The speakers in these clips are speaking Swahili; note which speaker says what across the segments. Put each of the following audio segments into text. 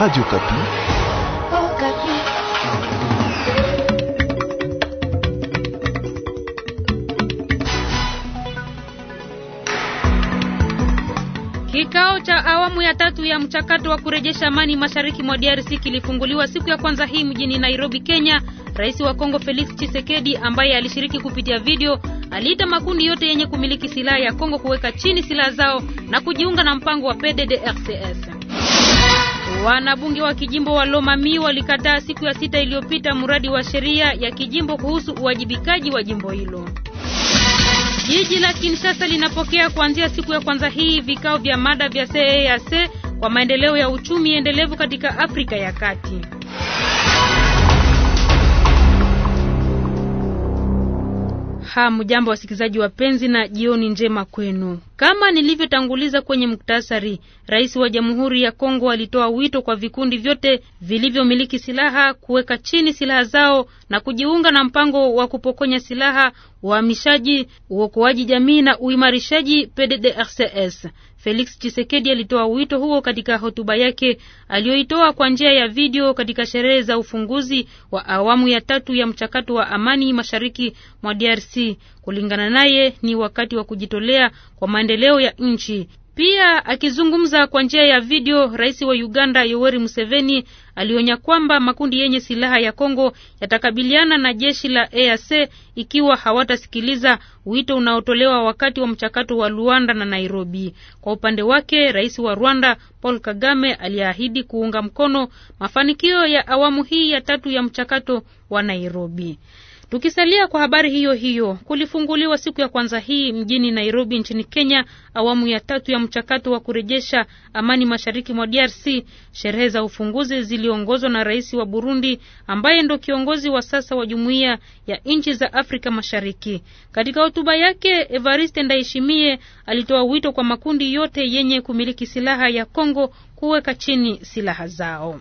Speaker 1: Radio Kapi.
Speaker 2: Oh, Kapi.
Speaker 1: Kikao cha awamu ya tatu ya mchakato wa kurejesha amani mashariki mwa DRC kilifunguliwa siku ya kwanza hii mjini Nairobi, Kenya. Rais wa Kongo Felix Tshisekedi ambaye alishiriki kupitia video aliita makundi yote yenye kumiliki silaha ya Kongo kuweka chini silaha zao na kujiunga na mpango wa PDDRCS. Wanabunge wa kijimbo wa Lomami walikataa siku ya sita iliyopita mradi wa sheria ya kijimbo kuhusu uwajibikaji wa jimbo hilo. Jiji la Kinshasa linapokea kuanzia siku ya kwanza hii vikao vya mada vya CEEAC kwa maendeleo ya uchumi endelevu katika Afrika ya Kati. Hamjambo wasikilizaji wapenzi, na jioni njema kwenu. Kama nilivyotanguliza kwenye muktasari, rais wa Jamhuri ya Kongo alitoa wito kwa vikundi vyote vilivyomiliki silaha kuweka chini silaha zao na kujiunga na mpango wa kupokonya silaha, uhamishaji, uokoaji jamii na uimarishaji PDDRCS. Felix Tshisekedi alitoa wito huo katika hotuba yake aliyoitoa kwa njia ya video katika sherehe za ufunguzi wa awamu ya tatu ya mchakato wa amani mashariki mwa DRC. Kulingana naye, ni wakati wa kujitolea kwa maendeleo ya nchi. Pia akizungumza kwa njia ya video, rais wa Uganda Yoweri Museveni alionya kwamba makundi yenye silaha ya Kongo yatakabiliana na jeshi la EAC ikiwa hawatasikiliza wito unaotolewa wakati wa mchakato wa Luanda na Nairobi. Kwa upande wake, rais wa Rwanda Paul Kagame aliahidi kuunga mkono mafanikio ya awamu hii ya tatu ya mchakato wa Nairobi. Tukisalia kwa habari hiyo hiyo, kulifunguliwa siku ya kwanza hii mjini Nairobi nchini Kenya awamu ya tatu ya mchakato wa kurejesha amani mashariki mwa DRC. Sherehe za ufunguzi ziliongozwa na rais wa Burundi ambaye ndo kiongozi wa sasa wa jumuiya ya nchi za Afrika Mashariki. Katika hotuba yake, Evariste Ndayishimiye alitoa wito kwa makundi yote yenye kumiliki silaha ya Kongo kuweka chini silaha zao.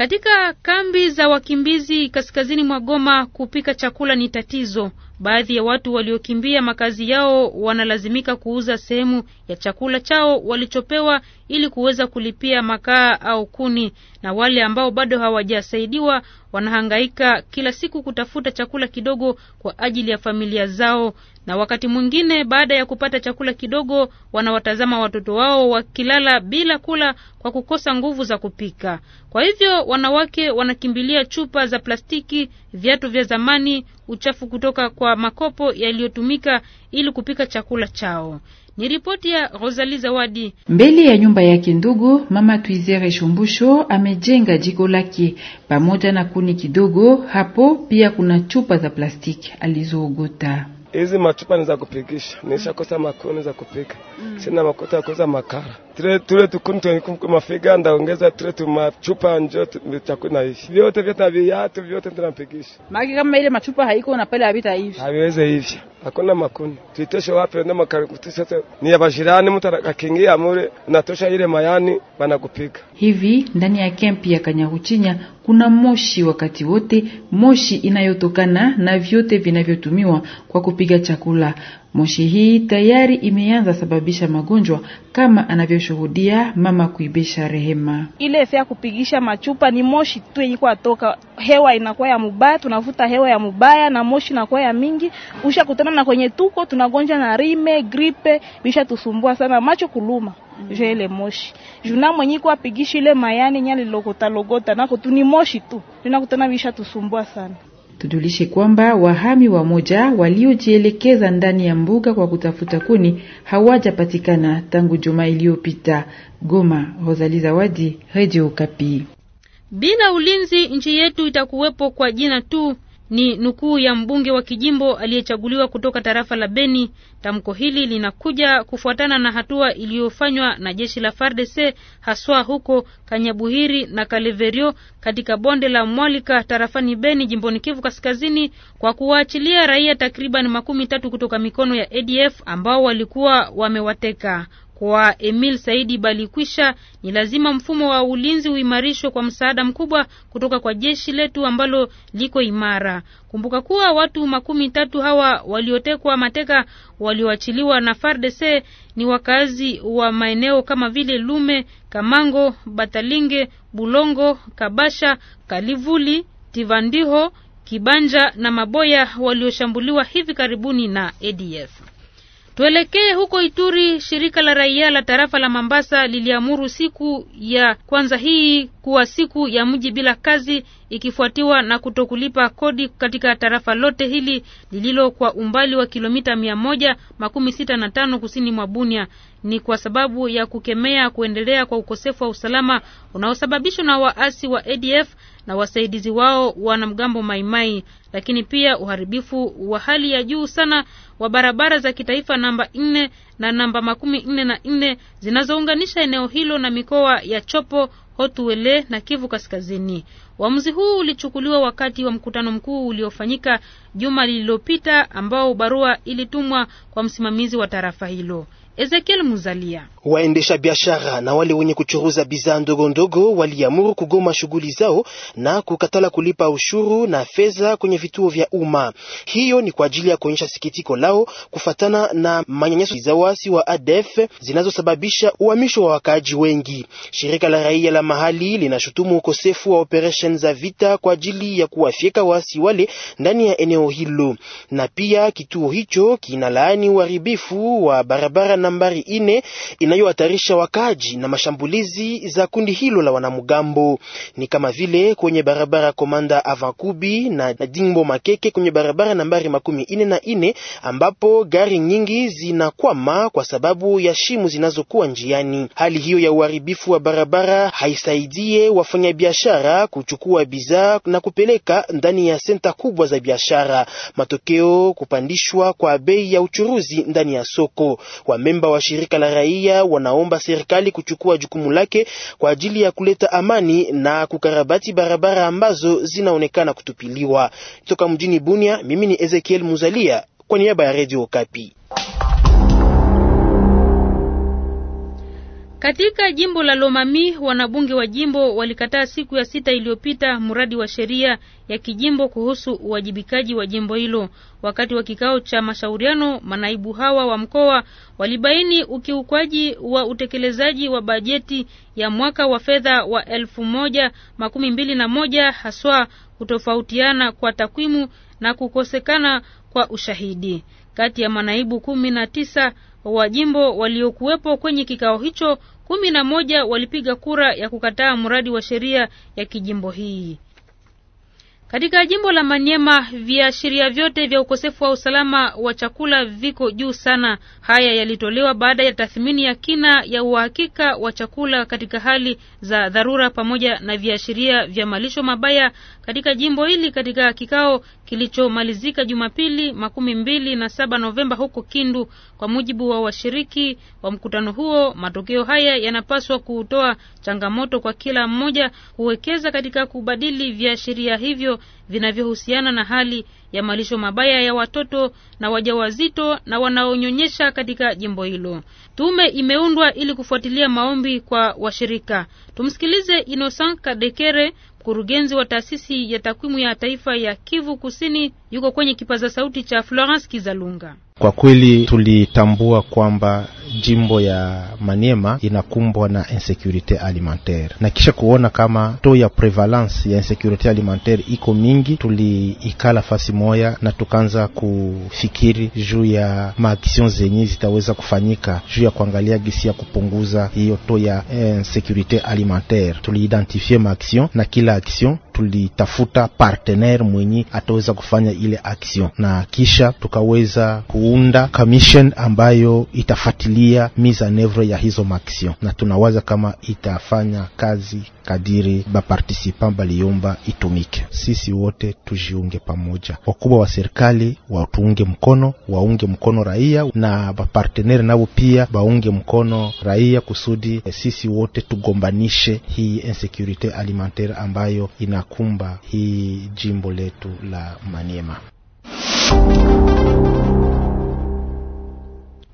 Speaker 1: Katika kambi za wakimbizi kaskazini mwa Goma kupika chakula ni tatizo. Baadhi ya watu waliokimbia makazi yao wanalazimika kuuza sehemu ya chakula chao walichopewa ili kuweza kulipia makaa au kuni, na wale ambao bado hawajasaidiwa wanahangaika kila siku kutafuta chakula kidogo kwa ajili ya familia zao, na wakati mwingine baada ya kupata chakula kidogo wanawatazama watoto wao wakilala bila kula kwa kukosa nguvu za kupika. Kwa hivyo wanawake wanakimbilia chupa za plastiki, viatu vya zamani uchafu kutoka kwa makopo yaliyotumika ili kupika chakula chao. Ni ripoti ya rosali Zawadi.
Speaker 3: Mbele ya nyumba yake ndogo, mama Tuizere Shumbusho amejenga jiko lake pamoja na kuni kidogo. Hapo pia kuna chupa za plastiki alizoogota.
Speaker 4: Hizi machupa ni za kupikisha, nishakosa makuni za kupika, mm. sina makuta ya kuuza makara tule tule tukuntu mafiga ndaongeza tule tumachupa njo chakuna hivi vyote vyote viatu vyote tunapigisha
Speaker 3: maki kama ile machupa haiko na pale habita hivi
Speaker 4: haviweze hivi hakuna makuni tuitoshe wapi ndio makarikuti sasa ni ya bashirani mtu akakingia mure natosha ile mayani kupika
Speaker 3: hivi ndani ya kempi ya Kanyaruchinya kuna moshi wakati wote moshi inayotokana na vyote vinavyotumiwa kwa kupiga chakula Moshi hii tayari imeanza sababisha magonjwa kama anavyoshuhudia mama kuibisha Rehema.
Speaker 1: Ile efe ya kupigisha machupa ni moshi tu yenye kwatoka, hewa inakuwa ya mubaya, tunavuta hewa ya mubaya na moshi inakuwa ya mingi, usha kutana na kwenye tuko tunagonja na rime gripe, bisha tusumbua sana, macho kuluma mm. je ile moshi juna mwenye kwa ile mayani nyali lokota logota nako tu ni moshi tu, tunakutana bisha tusumbua sana.
Speaker 3: Tujulishe kwamba wahami wamoja waliojielekeza ndani ya mbuga kwa kutafuta kuni hawajapatikana tangu Jumaa iliyopita. Goma, Rosali Zawadi, Redio Kapi.
Speaker 1: Bila ulinzi nchi yetu itakuwepo kwa jina tu. Ni nukuu ya mbunge wa kijimbo aliyechaguliwa kutoka tarafa la Beni. Tamko hili linakuja kufuatana na hatua iliyofanywa na jeshi la FARDC haswa huko Kanyabuhiri na Kaleverio katika bonde la Mwalika tarafani Beni jimboni Kivu Kaskazini kwa kuwaachilia raia takriban makumi tatu kutoka mikono ya ADF ambao walikuwa wamewateka. Kwa Emil Saidi Balikwisha, ni lazima mfumo wa ulinzi uimarishwe kwa msaada mkubwa kutoka kwa jeshi letu ambalo liko imara. Kumbuka kuwa watu makumi tatu hawa waliotekwa mateka walioachiliwa na FARDC ni wakazi wa maeneo kama vile Lume, Kamango, Batalinge, Bulongo, Kabasha, Kalivuli, Tivandiho, Kibanja na Maboya walioshambuliwa hivi karibuni na ADF. Tuelekee huko Ituri. Shirika la raia la tarafa la Mambasa liliamuru siku ya kwanza hii kuwa siku ya mji bila kazi, ikifuatiwa na kutokulipa kodi katika tarafa lote hili lililo kwa umbali wa kilomita mia moja makumi sita na tano kusini mwa Bunia. Ni kwa sababu ya kukemea kuendelea kwa ukosefu wa usalama unaosababishwa na waasi wa ADF na wasaidizi wao wanamgambo Maimai lakini pia uharibifu wa hali ya juu sana wa barabara za kitaifa namba nne na namba makumi nne na nne zinazounganisha eneo hilo na mikoa ya Chopo, Hotuele na Kivu Kaskazini. Uamuzi huu ulichukuliwa wakati wa mkutano mkuu uliofanyika juma lililopita, ambao barua ilitumwa kwa msimamizi wa tarafa hilo. Ezekiel Muzalia.
Speaker 5: Waendesha biashara na wale wenye kuchuruza bidhaa ndogo ndogo waliamuru kugoma shughuli zao na kukatala kulipa ushuru na fedha kwenye vituo vya umma. Hiyo ni kwa ajili ya kuonyesha sikitiko lao kufatana na manyanyaso za waasi wa ADF zinazosababisha uhamisho wa wakaaji wengi. Shirika la raia la mahali linashutumu ukosefu wa operation za vita kwa ajili ya kuwafyeka waasi wale ndani ya eneo hilo, na pia kituo hicho kinalaani uharibifu wa barabara na nambari ine inayohatarisha wakaji na mashambulizi za kundi hilo la wanamgambo, ni kama vile kwenye barabara Komanda Avankubi na Dingbo Makeke kwenye barabara nambari makumi ine na ine ambapo gari nyingi zinakwama kwa sababu ya shimu zinazokuwa njiani. Hali hiyo ya uharibifu wa barabara haisaidie wafanyabiashara kuchukua bidhaa na kupeleka ndani ya senta kubwa za biashara, matokeo kupandishwa kwa bei ya uchuruzi ndani ya soko. Wamemba wanamemba wa shirika la raia wanaomba serikali kuchukua jukumu lake kwa ajili ya kuleta amani na kukarabati barabara ambazo zinaonekana kutupiliwa. Toka mjini Bunia, mimi ni Ezekiel Muzalia kwa niaba ya Radio Kapi.
Speaker 1: Katika jimbo la Lomami wanabunge wa jimbo walikataa siku ya sita iliyopita mradi wa sheria ya kijimbo kuhusu uwajibikaji wa jimbo hilo. Wakati wa kikao cha mashauriano, manaibu hawa wa mkoa walibaini ukiukwaji wa utekelezaji wa bajeti ya mwaka wa fedha wa elfu moja makumi mbili na moja haswa kutofautiana kwa takwimu na kukosekana kwa ushahidi. Kati ya manaibu kumi na tisa wa jimbo waliokuwepo kwenye kikao hicho kumi na moja walipiga kura ya kukataa mradi wa sheria ya kijimbo hii. Katika jimbo la Manyema viashiria vyote vya ukosefu wa usalama wa chakula viko juu sana. Haya yalitolewa baada ya tathmini ya kina ya uhakika wa chakula katika hali za dharura pamoja na viashiria vya malisho mabaya katika jimbo hili katika kikao kilichomalizika Jumapili makumi mbili na saba Novemba huko Kindu. Kwa mujibu wa washiriki wa mkutano huo, matokeo haya yanapaswa kutoa changamoto kwa kila mmoja kuwekeza katika kubadili viashiria hivyo vinavyohusiana na hali ya malisho mabaya ya watoto na wajawazito na wanaonyonyesha katika jimbo hilo. Tume imeundwa ili kufuatilia maombi kwa washirika. Tumsikilize Innocent Kadekere, mkurugenzi wa taasisi ya takwimu ya taifa ya Kivu Kusini yuko kwenye kipaza sauti cha Florence Kizalunga.
Speaker 6: Kwa kweli tulitambua kwamba jimbo ya Maniema inakumbwa na insecurite alimentaire, na kisha kuona kama to ya prevalence ya insecurite alimentaire iko mingi, tuliikala fasi moya na tukaanza kufikiri juu ya maaksion zenye zitaweza kufanyika juu ya kuangalia gisi ya kupunguza hiyo to ya insecurite alimentaire. Tuliidentifie maaksion na kila aksion tulitafuta partenaire mwenye ataweza kufanya ile action, na kisha tukaweza kuunda commission ambayo itafuatilia mise en oeuvre ya hizo maaction, na tunawaza kama itafanya kazi kadiri bapartisipan baliomba itumike. Sisi wote tujiunge pamoja, wakubwa wa serikali watuunge mkono, waunge mkono raia na bapartenere nao pia baunge mkono raia kusudi eh, sisi wote tugombanishe hii insecurite alimentaire ambayo ina inakumba hii jimbo letu la Maniema.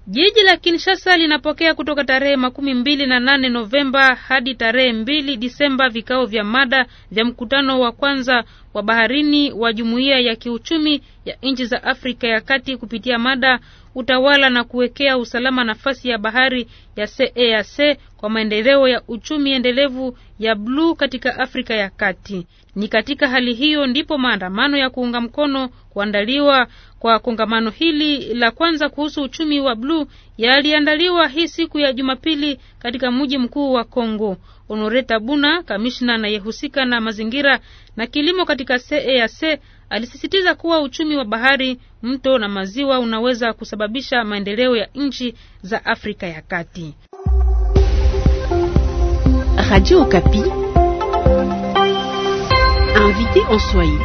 Speaker 1: Jiji la Kinshasa linapokea kutoka tarehe makumi mbili na nane Novemba hadi tarehe mbili Disemba vikao vya mada vya mkutano wa kwanza wa baharini wa Jumuiya ya Kiuchumi ya Nchi za Afrika ya Kati kupitia mada utawala na kuwekea usalama nafasi ya bahari ya CEAC kwa maendeleo ya uchumi endelevu ya bluu katika Afrika ya Kati. Ni katika hali hiyo ndipo maandamano ya kuunga mkono kuandaliwa kwa kongamano hili la kwanza kuhusu uchumi wa bluu yaliandaliwa hii siku ya Jumapili katika mji mkuu wa Kongo. Honore Tabuna, kamishna anayehusika na mazingira na kilimo katika CEAC, alisisitiza kuwa uchumi wa bahari, mto na maziwa unaweza kusababisha maendeleo ya nchi za Afrika ya Kati.
Speaker 3: Radio Okapi. Invité en Swahili.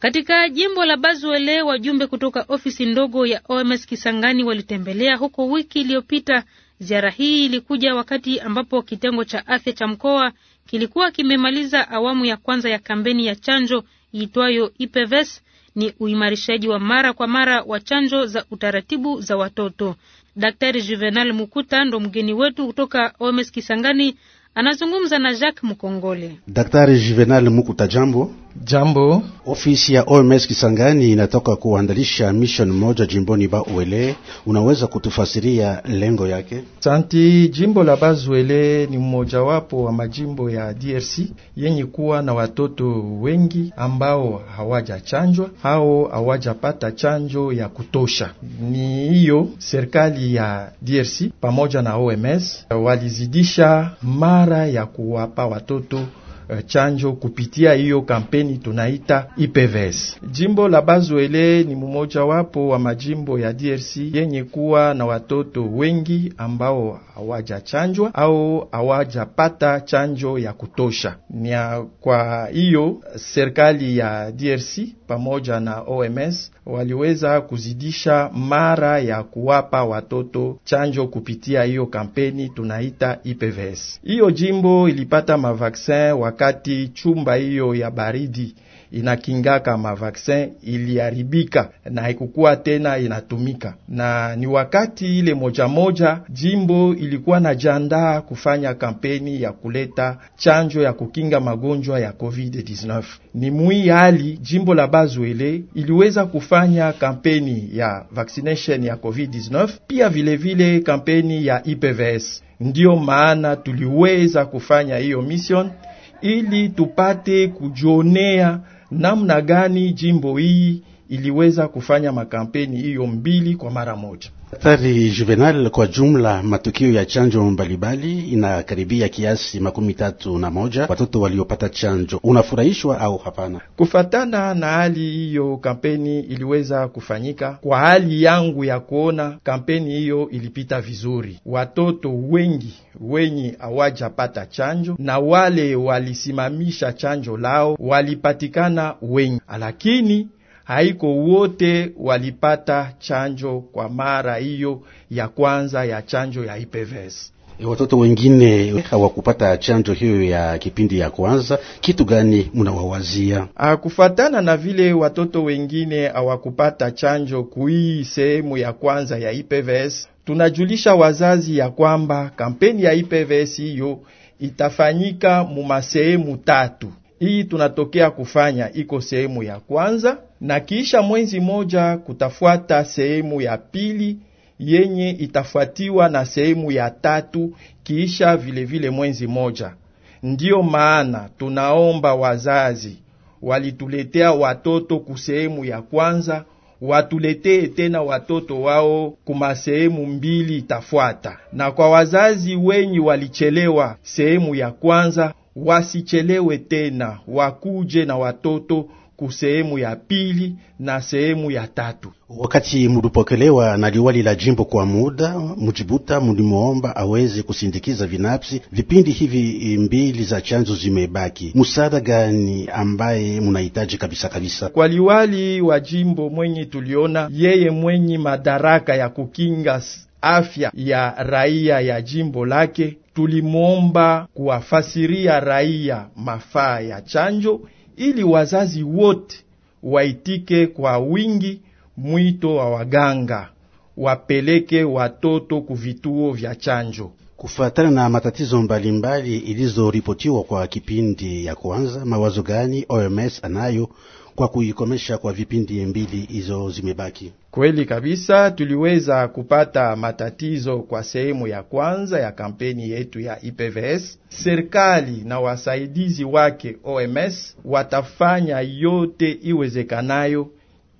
Speaker 1: Katika jimbo la Bazuele wajumbe kutoka ofisi ndogo ya OMS Kisangani walitembelea huko wiki iliyopita Ziara hii ilikuja wakati ambapo kitengo cha afya cha mkoa kilikuwa kimemaliza awamu ya kwanza ya kampeni ya chanjo iitwayo IPVES e ni uimarishaji wa mara kwa mara wa chanjo za utaratibu za watoto. Daktari Juvenal Mukuta ndo mgeni wetu kutoka oms Kisangani, anazungumza na Jacques Mkongole.
Speaker 7: Daktari Juvenal Mukuta, jambo. Jambo. Ofisi ya OMS Kisangani inatoka kuandalisha mission moja jimboni Uele. unaweza kutufasiria lengo yake?
Speaker 2: Santi. Jimbo la Zuele ni mmojawapo wa majimbo ya DRC yenye kuwa na watoto wengi ambao hawajachanjwa au hawajapata chanjo ya kutosha. Ni hiyo serikali ya DRC pamoja na OMS walizidisha mara ya kuwapa watoto Eh, chanjo kupitia hiyo kampeni tunaita IPVS. E jimbo la Bazuele ni mmoja wapo wa majimbo ya DRC yenye kuwa na watoto wengi ambao hawajachanjwa au hawajapata chanjo ya kutosha. Ni kwa hiyo serikali ya DRC pamoja na OMS waliweza kuzidisha mara ya kuwapa watoto chanjo kupitia hiyo kampeni tunaita IPVS. E hiyo jimbo ilipata mavaksin wakati chumba hiyo ya baridi inakingaka mavaksin iliharibika na haikukuwa tena inatumika, na ni wakati ile moja moja jimbo ilikuwa na jandaa kufanya kampeni ya kuleta chanjo ya kukinga magonjwa ya COVID-19. Ni mwi hali jimbo la Bazwele iliweza kufanya kampeni ya vaccination ya COVID-19, pia vilevile vile kampeni ya IPVS. Ndiyo maana tuliweza kufanya hiyo mission ili tupate kujionea namna gani jimbo hii iliweza kufanya makampeni hiyo mbili kwa mara moja.
Speaker 7: Daktari Juvenal, kwa jumla matukio ya chanjo mbalimbali inakaribia kiasi makumi tatu na moja watoto waliopata chanjo. Unafurahishwa au hapana?
Speaker 2: Kufatana na hali hiyo, kampeni iliweza kufanyika. Kwa hali yangu ya kuona, kampeni hiyo ilipita vizuri. Watoto wengi wenye hawajapata chanjo na wale walisimamisha chanjo lao walipatikana wengi, lakini haiko wote walipata chanjo kwa mara hiyo ya kwanza ya chanjo ya IPVS.
Speaker 7: E, watoto wengine hawakupata chanjo hiyo ya kipindi ya kwanza. Kitu gani mnawawazia?
Speaker 2: Ah, Kufatana na vile watoto wengine hawakupata chanjo kuii sehemu ya kwanza ya IPVS, tunajulisha wazazi ya kwamba kampeni ya IPVS hiyo itafanyika mu masehemu tatu. Hii tunatokea kufanya iko sehemu ya kwanza, na kisha mwezi moja kutafuata sehemu ya pili yenye itafuatiwa na sehemu ya tatu kisha vilevile vile mwezi moja. Ndiyo maana tunaomba wazazi walituletea watoto ku sehemu ya kwanza, watuletee tena watoto wao kuma sehemu mbili itafuata. Na kwa wazazi wenye walichelewa sehemu ya kwanza, wasichelewe tena, wakuje na watoto kusehemu ya pili na sehemu ya tatu.
Speaker 7: Wakati mulipokelewa na liwali la jimbo kwa muda, Mujibuta mulimuomba aweze kusindikiza vinapsi vipindi hivi mbili za chanzo zimebaki. Msaada gani ambaye munahitaji kabisa kabisa?
Speaker 2: Kwa liwali wa jimbo mwenye tuliona yeye mwenye madaraka ya kukinga afya ya raia ya jimbo lake tulimwomba kuwafasiria raia mafaa ya chanjo ili wazazi wote waitike kwa wingi mwito wa waganga wapeleke watoto kuvituo vya chanjo.
Speaker 7: Kufuatana na matatizo mbalimbali ilizoripotiwa kwa kipindi ya kwanza, mawazo gani OMS anayo kwa kuikomesha kwa vipindi mbili hizo zimebaki.
Speaker 2: Kweli kabisa, tuliweza kupata matatizo kwa sehemu ya kwanza ya kampeni yetu ya IPVS. Serikali na wasaidizi wake OMS watafanya yote iwezekanayo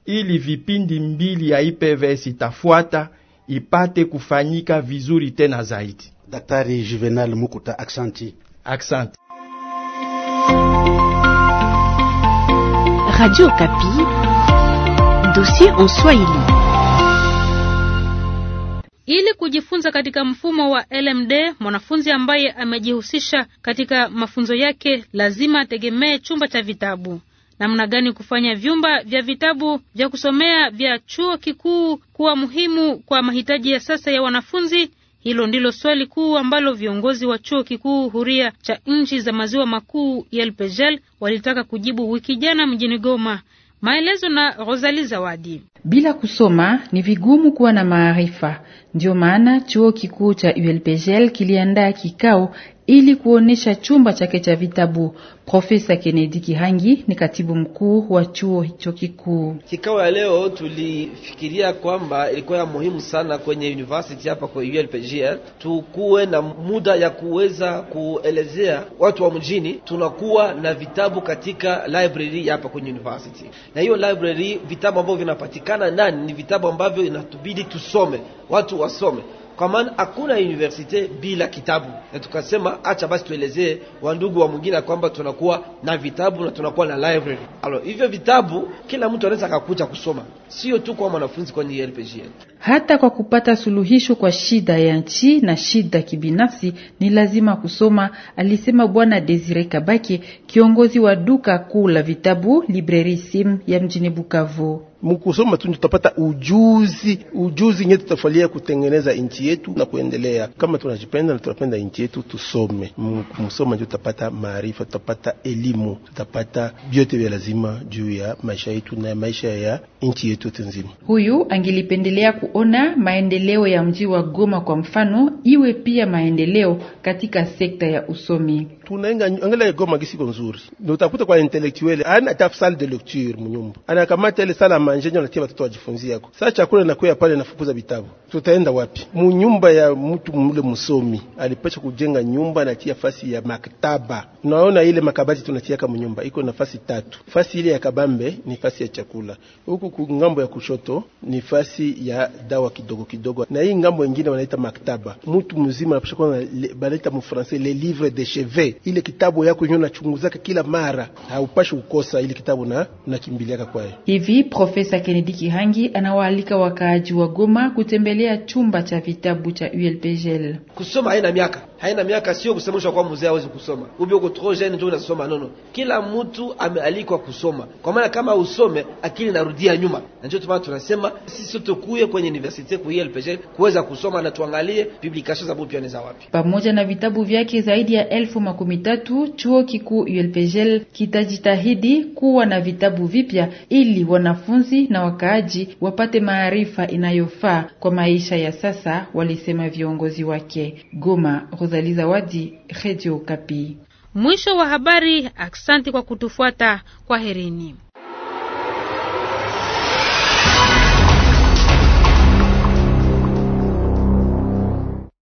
Speaker 2: ili vipindi mbili ya IPVS itafuata ipate kufanyika vizuri tena zaidi. Daktari Juvenal Mukuta, aksanti. Aksanti.
Speaker 3: Radio Okapi. Dossier en Swahili.
Speaker 1: Ili kujifunza katika mfumo wa LMD, mwanafunzi ambaye amejihusisha katika mafunzo yake lazima ategemee chumba cha vitabu. Namna gani kufanya vyumba vya vitabu vya kusomea vya chuo kikuu kuwa muhimu kwa mahitaji ya sasa ya wanafunzi? Hilo ndilo swali kuu ambalo viongozi wa chuo kikuu huria cha nchi za maziwa makuu YLPGL walitaka kujibu wiki jana mjini Goma. Maelezo na Rosali Zawadi.
Speaker 3: Bila kusoma ni vigumu kuwa na maarifa. ndio maana chuo kikuu cha ULPGL kiliandaa kikao ili kuonesha chumba chake cha vitabu. Profesa Kennedy Kihangi ni katibu mkuu wa chuo hicho kikuu.
Speaker 4: Kikao ya leo tulifikiria kwamba ilikuwa ya muhimu sana kwenye university hapa kwa ulpg tukuwe na muda ya kuweza kuelezea watu wa mjini tunakuwa na vitabu katika library hapa kwenye university, na hiyo library vitabu ambavyo vinapatikana ndani ni vitabu ambavyo inatubidi tusome, watu wasome kwa maana hakuna universite bila kitabu, na tukasema acha basi tuelezee wandugu wa mwingine kwamba tunakuwa na vitabu na tunakuwa na library. Alo, hivyo vitabu kila mtu anaweza akakuja kusoma, sio tu kwa mwanafunzi kwenye LPGN.
Speaker 3: Hata kwa kupata suluhisho kwa shida ya nchi na shida kibinafsi ni lazima kusoma, alisema Bwana Desire Kabake, kiongozi wa duka kuu la vitabu Libreri Sim ya mjini Bukavu. Mkusoma tu tutapata ujuzi, ujuzi
Speaker 8: nye tutafalia kutengeneza nchi yetu na kuendelea. Kama tunajipenda na tunapenda nchi yetu, tusome. Mukusoma ndio tutapata maarifa, tutapata elimu, tutapata vyote vya lazima juu ya maisha yetu na maisha ya nchi yetu yote nzima.
Speaker 3: Huyu angelipendelea kuona maendeleo ya mji wa Goma kwa mfano iwe pia maendeleo katika sekta ya usomi
Speaker 8: tunaenda angalia Goma gisiko nzuri, utakuta kwa intellectuel ana taf salle de lecture munyumba, anakamata ile sala manje nyo natia watoto wajifunzie yako. Sasa chakula nakuya pale nafukuza vitabu, tutaenda wapi? Munyumba ya mtu mule msomi alipasha kujenga nyumba na tia fasi ya maktaba. Unaona ile makabati tunatia kama nyumba iko nafasi tatu, fasi ile ya kabambe ni fasi ya chakula, huku ngambo ya kushoto ni fasi ya dawa kidogo kidogo, na hii ngambo nyingine wanaita maktaba. Mtu mzima anapasha kuwa baleta mu français les livres de chevet ile kitabu yako yenyewe unachunguzaka kila mara, haupashi kukosa ile kitabu
Speaker 4: na unakimbiliaka kwayo.
Speaker 3: Hivi Profesa Kennedy Kihangi anawaalika wakaaji wa Goma kutembelea chumba cha vitabu cha ULPGL.
Speaker 4: Kusoma haina miaka, haina miaka, sio kusemeshwa kwa mzee awezi kusoma, ubi uko trop jeune ndio unasoma. Nono, kila mtu amealikwa kusoma, kwa maana kama usome akili narudia nyuma, na ndio tumaa tunasema sisi sote kuye kwenye universite ku ULPGL kuweza kusoma na tuangalie publication za bupi ni za wapi,
Speaker 3: pamoja na vitabu vyake zaidi ya elfu makumi tatu chuo kikuu ULPGL kitajitahidi kuwa na vitabu vipya ili wanafunzi na wakaaji wapate maarifa inayofaa kwa maisha ya sasa, walisema viongozi wake. Goma, Rosalie Zawadi, Radio Kapi.
Speaker 1: Mwisho wa habari. Asante kwa kutufuata. Kwaherini.